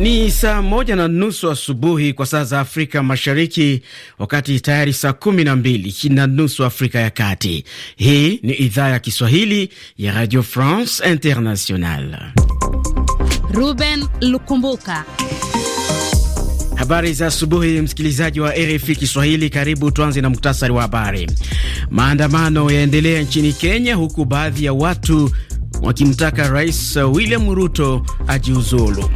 Ni saa moja na nusu asubuhi kwa saa za Afrika Mashariki, wakati tayari saa kumi na mbili na nusu Afrika ya Kati. Hii ni idhaa ya Kiswahili ya Radio France International. Ruben Lukumbuka. Habari za asubuhi, msikilizaji wa RFI Kiswahili, karibu. Tuanze na muktasari wa habari. Maandamano yaendelea nchini Kenya, huku baadhi ya watu wakimtaka Rais William Ruto ajiuzulu.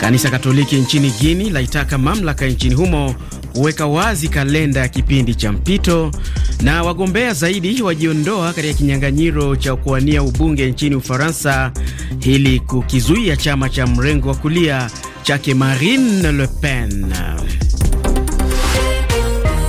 Kanisa Katoliki nchini Guini laitaka mamlaka nchini humo kuweka wazi kalenda ya kipindi cha mpito, na wagombea zaidi wajiondoa katika kinyang'anyiro cha kuwania ubunge nchini Ufaransa ili kukizuia chama cha mrengo wa kulia chake Marine Le Pen.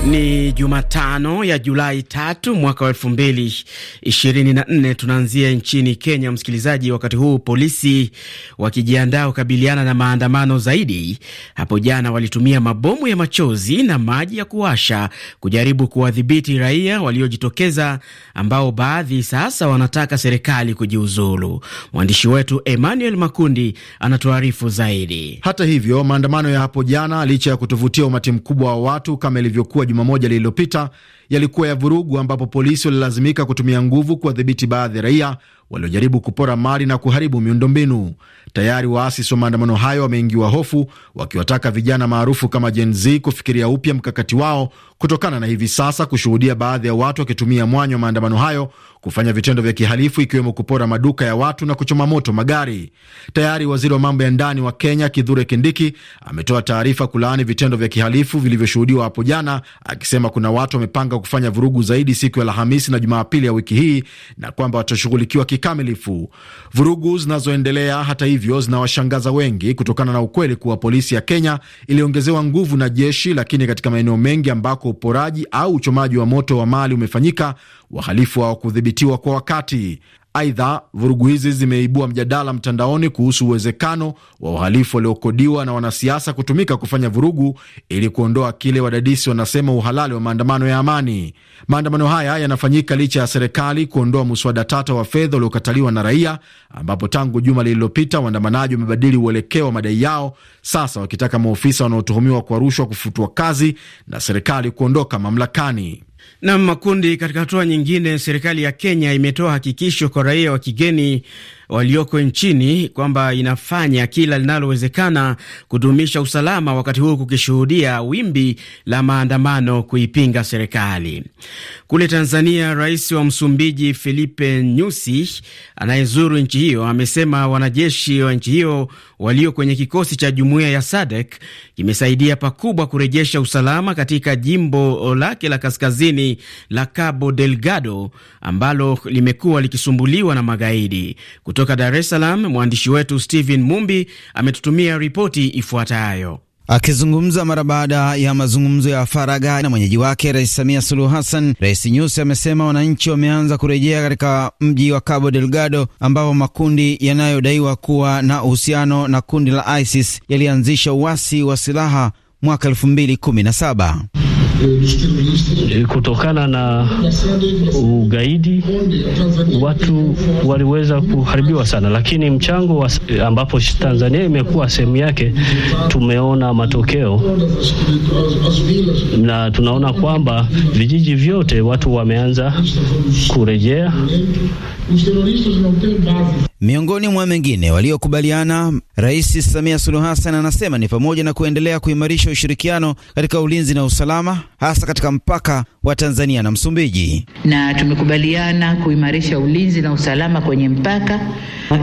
Ni Jumatano ya Julai tatu mwaka wa elfu mbili ishirini na nne. Tunaanzia nchini Kenya, msikilizaji. Wakati huu polisi wakijiandaa kukabiliana na maandamano zaidi, hapo jana walitumia mabomu ya machozi na maji ya kuwasha kujaribu kuwadhibiti raia waliojitokeza, ambao baadhi sasa wanataka serikali kujiuzulu. Mwandishi wetu Emmanuel Makundi anatuarifu zaidi. Hata hivyo maandamano ya hapo jana, licha ya kutovutia umati mkubwa wa watu kama ilivyokuwa juma moja lililopita yalikuwa ya vurugu, ambapo polisi walilazimika kutumia nguvu kuwadhibiti baadhi ya raia waliojaribu kupora mali na kuharibu miundombinu. Tayari waasisi wa maandamano hayo wameingiwa hofu, wakiwataka vijana maarufu kama Gen Z kufikiria upya mkakati wao kutokana na hivi sasa kushuhudia baadhi ya watu wakitumia mwanya wa maandamano hayo kufanya vitendo vya kihalifu ikiwemo kupora maduka ya watu na kuchoma moto magari. Tayari waziri wa mambo ya ndani wa Kenya Kithure Kindiki ametoa taarifa kulaani vitendo vya kihalifu vilivyoshuhudiwa hapo jana, akisema kuna watu wamepanga kufanya vurugu zaidi siku ya Alhamisi na Jumapili ya wiki hii na kwamba watashughulikiwa kikamilifu. Vurugu zinazoendelea hata hivyo zinawashangaza wengi kutokana na ukweli kuwa polisi ya Kenya iliongezewa nguvu na jeshi, lakini katika maeneo mengi ambako ambako uporaji au uchomaji wa moto wa mali umefanyika, wahalifu hawakudhibitiwa kwa wakati. Aidha, vurugu hizi zimeibua mjadala mtandaoni kuhusu uwezekano wa uhalifu waliokodiwa na wanasiasa kutumika kufanya vurugu ili kuondoa kile wadadisi wanasema uhalali wa maandamano ya amani. Maandamano haya yanafanyika licha ya serikali kuondoa muswada tata wa fedha uliokataliwa na raia, ambapo tangu juma lililopita waandamanaji wamebadili uelekeo wa madai yao, sasa wakitaka maofisa wanaotuhumiwa kwa rushwa kufutwa kazi na serikali kuondoka mamlakani na makundi. Katika hatua nyingine, serikali ya Kenya imetoa hakikisho kwa raia wa kigeni walioko nchini kwamba inafanya kila linalowezekana kudumisha usalama, wakati huu kukishuhudia wimbi la maandamano kuipinga serikali. Kule Tanzania, rais wa Msumbiji Filipe Nyusi anayezuru nchi hiyo amesema wanajeshi wa nchi hiyo walio kwenye kikosi cha jumuiya ya SADC kimesaidia pakubwa kurejesha usalama katika jimbo lake la kaskazini la Cabo Delgado ambalo limekuwa likisumbuliwa na magaidi. Kutoka Dar es Salaam, mwandishi wetu Stephen Mumbi ametutumia ripoti ifuatayo. Akizungumza mara baada ya mazungumzo ya faragha na mwenyeji wake Rais Samia Suluhu Hassan, Rais Nyusi amesema wananchi wameanza kurejea katika mji wa Cabo Delgado ambapo makundi yanayodaiwa kuwa na uhusiano na kundi la ISIS yalianzisha uasi wa silaha mwaka 217 Eh, kutokana na ugaidi watu waliweza kuharibiwa sana, lakini mchango wa eh, ambapo Tanzania imekuwa sehemu yake, tumeona matokeo na tunaona kwamba vijiji vyote watu wameanza kurejea. Miongoni mwa mengine waliokubaliana, Rais Samia Suluhu Hassan anasema ni pamoja na kuendelea kuimarisha ushirikiano katika ulinzi na usalama, hasa katika mpaka wa Tanzania na Msumbiji. Na tumekubaliana kuimarisha ulinzi na usalama kwenye mpaka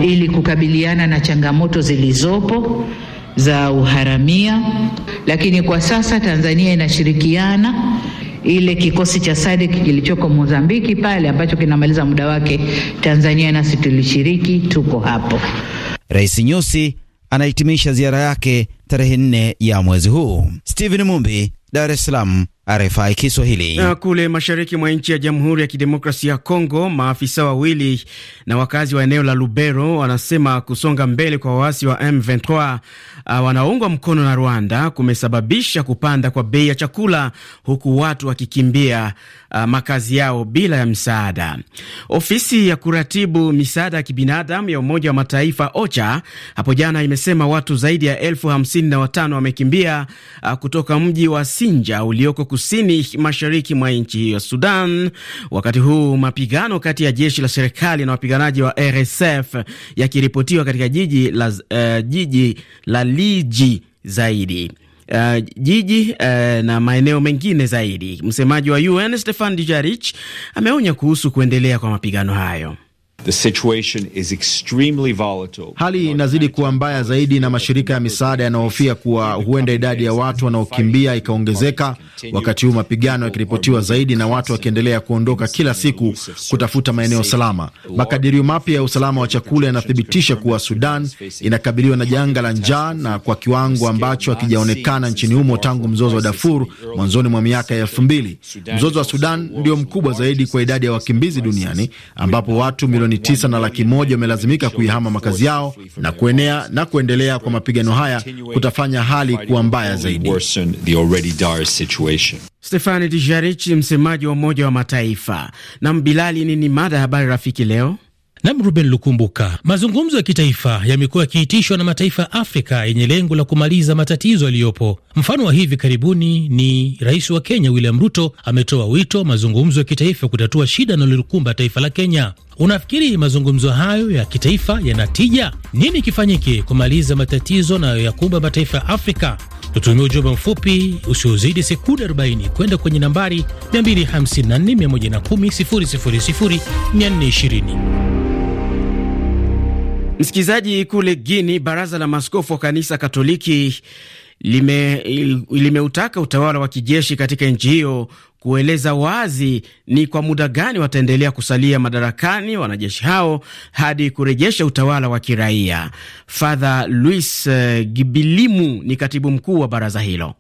ili kukabiliana na changamoto zilizopo za uharamia, lakini kwa sasa Tanzania inashirikiana ile kikosi cha SADC kilichoko Mozambiki pale ambacho kinamaliza muda wake Tanzania, nasi tulishiriki, tuko hapo. Rais Nyusi anahitimisha ziara yake tarehe nne ya mwezi huu. Steven Mumbi, Dar es Salaam. RFI Kiswahili. Na kule mashariki mwa nchi ya Jamhuri ya Kidemokrasia ya Kongo, maafisa wawili na wakazi wa eneo la Lubero wanasema kusonga mbele kwa waasi wa M23 ah, wanaoungwa mkono na Rwanda kumesababisha kupanda kwa bei ya chakula, huku watu wakikimbia uh, makazi yao bila ya msaada. Ofisi ya kuratibu misaada ya kibinadamu ya Umoja wa Mataifa OCHA hapo jana imesema watu zaidi ya elfu hamsini na watano wamekimbia uh, kutoka mji wa Sinja ulioko kusini mashariki mwa nchi hiyo Sudan, wakati huu mapigano kati ya jeshi la serikali na wapiganaji wa RSF yakiripotiwa katika jiji la, uh, jiji la Liji zaidi Uh, jiji uh, na maeneo mengine zaidi. Msemaji wa UN Stefan Dujarric ameonya kuhusu kuendelea kwa mapigano hayo. The situation is extremely volatile. Hali inazidi kuwa mbaya zaidi na mashirika ya misaada yanahofia kuwa huenda idadi ya watu wanaokimbia ikaongezeka, wakati huu mapigano yakiripotiwa zaidi na watu wakiendelea kuondoka kila siku kutafuta maeneo salama. Makadirio mapya ya usalama wa chakula yanathibitisha kuwa Sudan inakabiliwa na janga la njaa na kwa kiwango ambacho hakijaonekana nchini humo tangu mzozo wa Darfur mwanzoni mwa miaka ya elfu mbili. Mzozo wa Sudan ndio mkubwa zaidi kwa idadi ya wakimbizi duniani ambapo watu milioni milioni tisa na laki moja wamelazimika kuihama makazi yao, na kuenea na kuendelea kwa mapigano haya kutafanya hali kuwa mbaya zaidi. Stefani Dijarichi, msemaji wa Umoja wa Mataifa. Nam Bilali, nini mada ya habari rafiki leo? Nam Ruben Lukumbuka. Mazungumzo ya kitaifa yamekuwa yakiitishwa na mataifa ya Afrika yenye lengo la kumaliza matatizo yaliyopo. Mfano wa hivi karibuni ni rais wa Kenya William Ruto ametoa wito mazungumzo ya kitaifa kutatua shida linalokumba taifa la Kenya. Unafikiri mazungumzo hayo ya kitaifa yana tija? Nini kifanyike kumaliza matatizo yanayoyakumba mataifa ya Afrika? Tutumia ujumbe mfupi usiozidi sekunde 40 kwenda kwenye nambari 254 110 000 420. Msikilizaji, kule Guini, baraza la maskofu wa kanisa Katoliki limeutaka lime utawala wa kijeshi katika nchi hiyo kueleza wazi ni kwa muda gani wataendelea kusalia madarakani wanajeshi hao hadi kurejesha utawala wa kiraia. Father Luis eh, Gibilimu ni katibu mkuu wa baraza hilo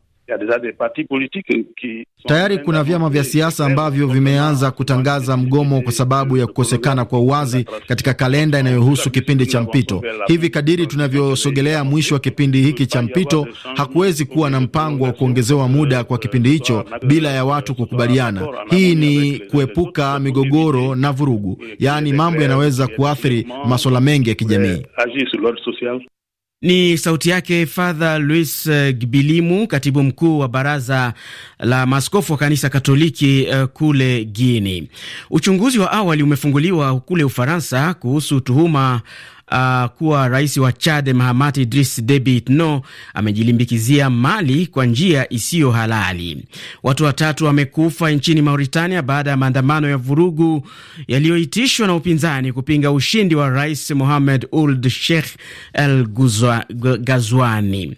tayari kuna vyama vya siasa ambavyo vimeanza kutangaza mgomo kwa sababu ya kukosekana kwa uwazi katika kalenda inayohusu kipindi cha mpito. Hivi kadiri tunavyosogelea mwisho wa kipindi hiki cha mpito, hakuwezi kuwa na mpango wa kuongezewa muda kwa kipindi hicho bila ya watu kukubaliana. Hii ni kuepuka migogoro na vurugu, yaani mambo yanaweza kuathiri masuala mengi ya kijamii. Ni sauti yake Father Luis eh, Gbilimu, katibu mkuu wa baraza la maaskofu wa kanisa Katoliki eh, kule Guini. Uchunguzi wa awali umefunguliwa kule Ufaransa kuhusu tuhuma uh, kuwa rais wa Chad Mahamat Idris Deby Itno amejilimbikizia mali kwa njia isiyo halali. Watu watatu wamekufa nchini Mauritania baada ya maandamano ya vurugu yaliyoitishwa na upinzani kupinga ushindi wa rais Mohamed Ould Sheikh El Gazwani.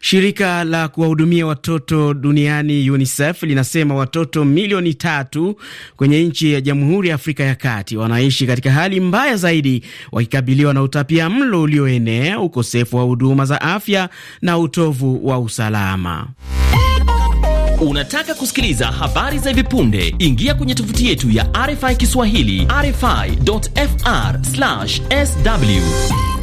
Shirika la kuwahudumia watoto duniani UNICEF linasema watoto milioni tatu kwenye nchi ya Jamhuri ya Afrika ya Kati wanaishi katika hali mbaya zaidi, wakikabiliwa na utapia mlo ulioenea, ukosefu wa huduma za afya na utovu wa usalama. Unataka kusikiliza habari za hivi punde? Ingia kwenye tovuti yetu ya RFI Kiswahili, rfi.fr/sw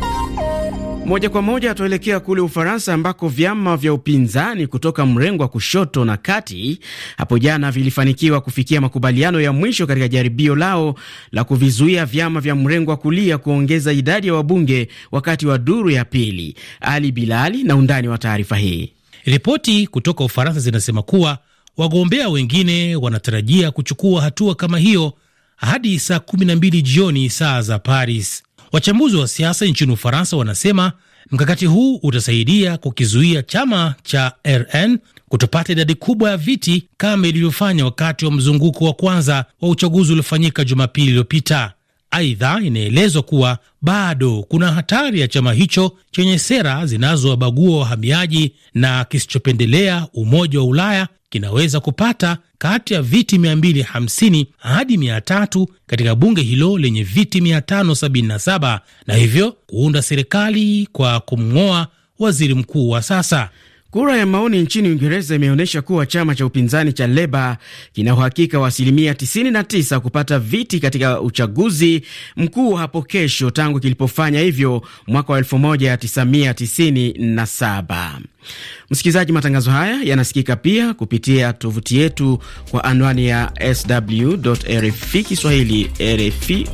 moja kwa moja tuelekea kule Ufaransa ambako vyama vya upinzani kutoka mrengo wa kushoto na kati hapo jana vilifanikiwa kufikia makubaliano ya mwisho katika jaribio lao la kuvizuia vyama vya mrengo wa kulia kuongeza idadi ya wabunge wakati wa duru ya pili. Ali Bilali na undani wa taarifa hii. Ripoti kutoka Ufaransa zinasema kuwa wagombea wengine wanatarajia kuchukua hatua kama hiyo hadi saa 12 jioni saa za Paris. Wachambuzi wa siasa nchini Ufaransa wanasema mkakati huu utasaidia kukizuia chama cha RN kutopata idadi kubwa ya viti kama ilivyofanya wakati wa mzunguko wa kwanza wa uchaguzi uliofanyika Jumapili iliyopita. Aidha, inaelezwa kuwa bado kuna hatari ya chama hicho chenye sera zinazowabagua wahamiaji na kisichopendelea Umoja wa Ulaya kinaweza kupata kati ya viti 250 hadi 300 katika bunge hilo lenye viti 577 na hivyo kuunda serikali kwa kumng'oa waziri mkuu wa sasa. Kura ya maoni nchini Uingereza imeonyesha kuwa chama cha upinzani cha Leba kina uhakika wa asilimia 99 kupata viti katika uchaguzi mkuu hapo kesho tangu kilipofanya hivyo mwaka wa 1997. Msikilizaji, matangazo haya yanasikika pia kupitia tovuti yetu kwa anwani ya sw.rfi kiswahili rfi